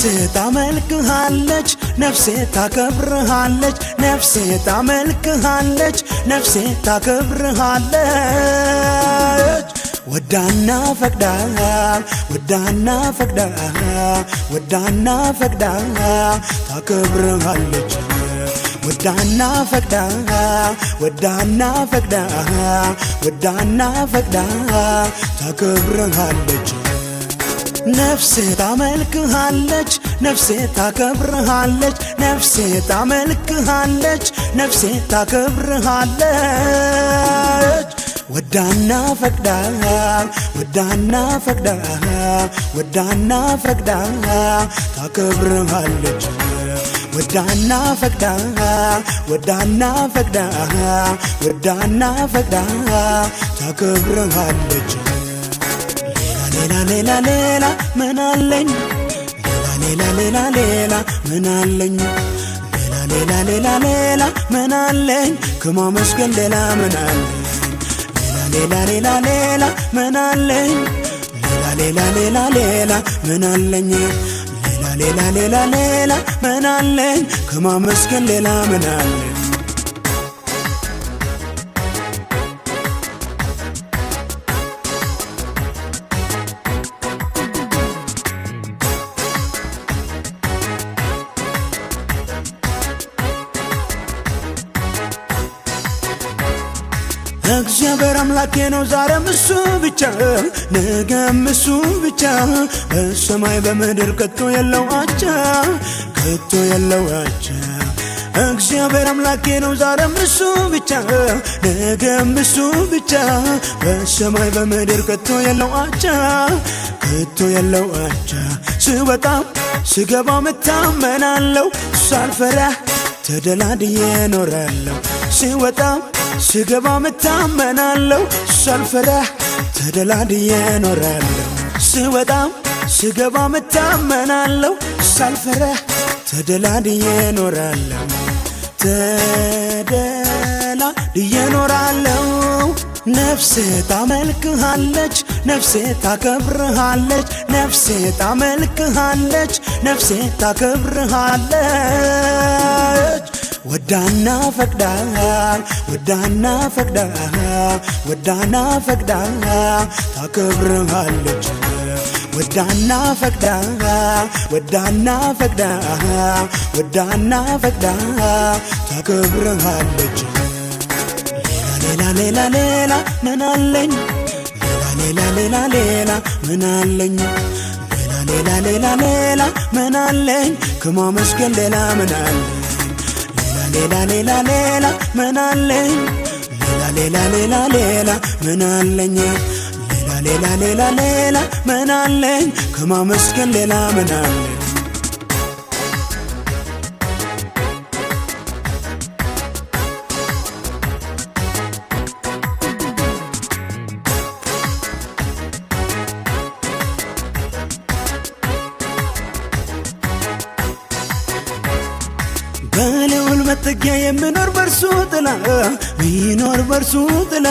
ነፍሴ ታመልክሃለች ነፍሴ ታከብርሃለች ነፍሴ ታመልክሃለች ነፍሴ ታከብርሃለች ወዳና ፈቅዳ ወዳና ፈቅዳ ወዳና ፈቅዳ ታከብርሃለች ወዳና ፈቅዳ ወዳና ፈቅዳ ወዳና ፈቅዳ ታከብርሃለች ነፍሴ ታመልክሃለች፣ ነፍሴ ታከብርሃለች፣ ነፍሴ ታመልክሃለች፣ ነፍሴ ታከብርሃለች። ወዳና ፈቅዳ ወዳና ፈቅዳ ወዳና ፈቅዳ ታከብርሃለች ወዳና ፈቅዳ ወዳና ፈቅዳ ወዳና ፈቅዳ ታከብርሃለች ሌላ ሌላ ሌላ ምን አለኝ ሌላ ሌላ ሌላ ምን አለኝ ሌላ ሌላ ሌላ ሌላ ምን አለኝ ከማመስገን ሌላ ምን አለኝ ሌላ ሌላ ሌላ ምን አለኝ ሌላ ሌላ ሌላ ምን አለኝ ሌላ ሌላ ሌላ ሌላ ምን አለኝ ከማመስገን ሌላ ምን አለኝ እግዚአብሔር አምላኬ ነው ዛሬም እሱ ብቻ ነገም እሱ ብቻ በሰማይ በምድር ከቶ የለው አቻ ከቶ የለው አቻ እግዚአብሔር አምላኬ ነው ዛሬም እሱ ብቻ ነገም እሱ ብቻ በሰማይ በምድር ከቶ የለው አቻ ከቶ የለው አቻ ስወጣም ስገባ መታመናለው ሳልፈራ ተደላድዬ ኖራለሁ ስወጣም ስገባ ምታመናለው ሳልፈራ ተደላድዬ ኖራለሁ ስወጣም ስገባ ምታመናለው ሳልፈራ ተደላድዬ ኖራለሁ ተደላድዬ ኖራለሁ ነፍሴ ታመልክሃለች ነፍሴ ታከብርሃለች ነፍሴ ታመልክሃለች ነፍሴ ታከብርሃለች ወዳና ፈቅዳ ወዳና ፈቅዳ ወዳና ፈቅዳ ታከብርሃለች ወዳና ፈቅዳ ወዳና ፈቅዳ ወዳና ፈቅዳ ታከብርሃለች ሌላ ሌላ ሌላ ሌላ ምናለኝ ሌላ ሌላ ሌላ ምናለኝ ሌላ ሌላ ሌላ ሌላ ምናለኝ ከማመስገን ሌላ ምናለኝ ሌላ ሌላ ሌላ ምን አለኝ ሌላ ሌላ ሌላ ሌላ ምን አለኝ ሌላ ሌላ ሌላ ሌላ ምን አለኝ ከማመስገን ሌላ ምን አለኝ መጠጊያ የምኖር በርሱ ጥላ ሚኖር በርሱ ጥላ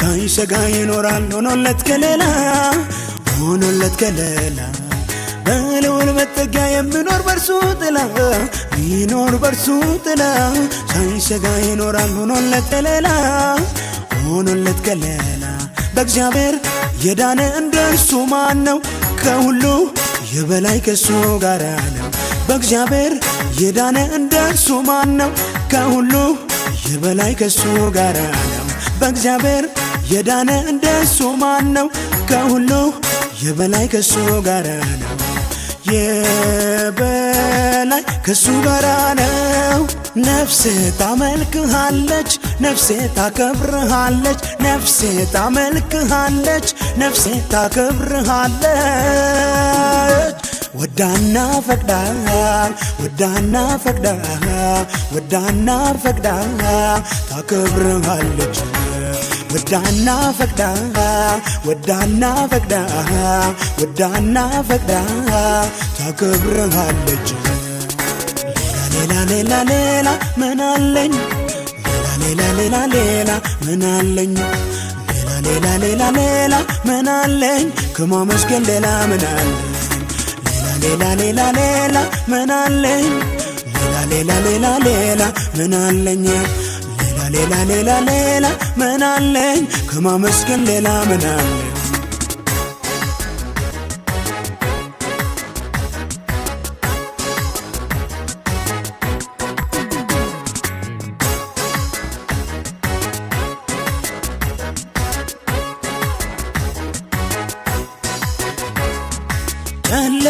ሳይሰጋ ይኖራል ሆኖለት ከሌላ ሆኖለት ከሌላ በልውል መጠጊያ የምኖር በርሱ ጥላ ሚኖር በርሱ ጥላ ሳይሰጋ ይኖራል ሆኖለት ከሌላ ሆኖለት ከሌላ በእግዚአብሔር የዳነ እንደርሱ ማን ነው ከሁሉ የበላይ ከሱ ጋር ነው። በእግዚአብሔር የዳነ እንደሱ ማን ነው? ከሁሉ የበላይ ከሱ ጋር ነው። በእግዚአብሔር የዳነ እንደሱ ማን ነው? ከሁሉ የበላይ ከሱ ጋር ነው። የበላይ ከሱ ጋር ነው። ነፍሴ ታመልክሃለች፣ ነፍሴ ታከብርሃለች፣ ነፍሴ ታመልክሃለች፣ ነፍሴ ታከብርሃለች። ወዳና ፈቅዳ ወዳና ፈቅዳ ወዳና ፈቅዳ ታከብርሃለች ወዳና ፈቅዳ ወዳና ፈቅዳ ወዳና ፈቅዳ ታከብርሃለች ሌላ ሌላ ሌላ ምን አለኝ ሌላ ሌላ ሌላ ምን አለኝ ሌላ ሌላ ሌላ ምን አለኝ ከማመስገን ሌላ ምን አለኝ ሌላ ሌላ ሌላ ምን አለኝ ሌላ ሌላ ሌላ ምን አለኝ ሌላ ሌላ ሌላ ሌላ ምን አለኝ ከማመስገን ሌላ ምን አለኝ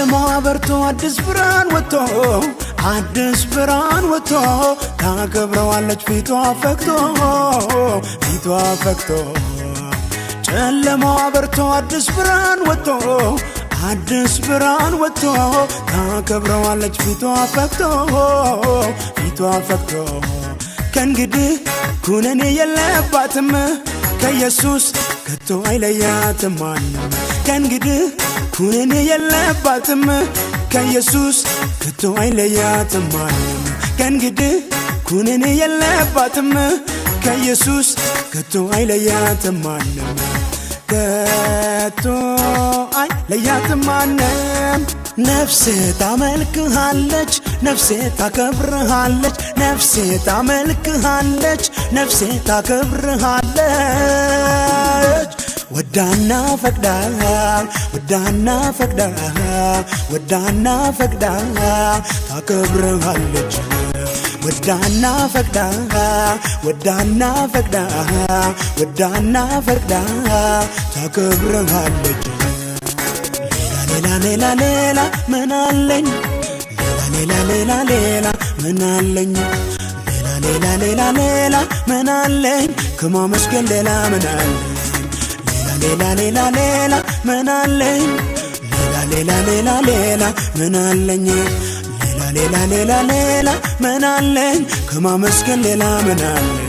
ጨለማዋ በርቶ አዲስ ብርሃን ወጥቶ አዲስ ብርሃን ወጥቶ ታከብረዋለች ፊቷ ፈክቶ ፊቷ ፈክቶ ጨለማዋ በርቶ አዲስ ብርሃን ወጥቶ አዲስ ብርሃን ወጥቶ ታከብረዋለች ፊቷ ፈክቶ ፊቷ ፈክቶ ከእንግዲህ ኩነኔ የለባትም ከኢየሱስ ከቶ አይለያትም ማንም ከእንግዲህ ኩነኔ የለባትም ከኢየሱስ ከቶ አይለያትም ዓለም ከእንግዲህ ኩነኔ የለባትም ከኢየሱስ ከቶ አይለያትም ዓለም ከቶ አይለያትም ዓለም ነፍሴ ታመልክሃለች፣ ነፍሴ ታከብርሃለች፣ ነፍሴ ታመልክሃለች፣ ነፍሴ ታከብርሃለች ወዳና ፈቅዳ ወዳና ፈቅዳ ወዳና ፈቅዳ ታከብረሃለች ወዳና ፈቅዳ ወዳና ፈቅዳ ወዳና ፈቅዳ ታከብረሃለች ሌላ ሌላ ሌላ ሌላ ምናለኝ ሌላ ሌላ ሌላ ምናለኝ ሌላ ሌላ ሌላ ሌላ ምናለኝ ከማመስገን ሌላ ምናለኝ ሌላ ሌላ ሌላ ምን አለኝ ሌላ ሌላ ሌላ ምን አለኝ ሌላ ሌላ ሌላ ሌላ ምን አለኝ ከማመስገን ሌላ ምን አለኝ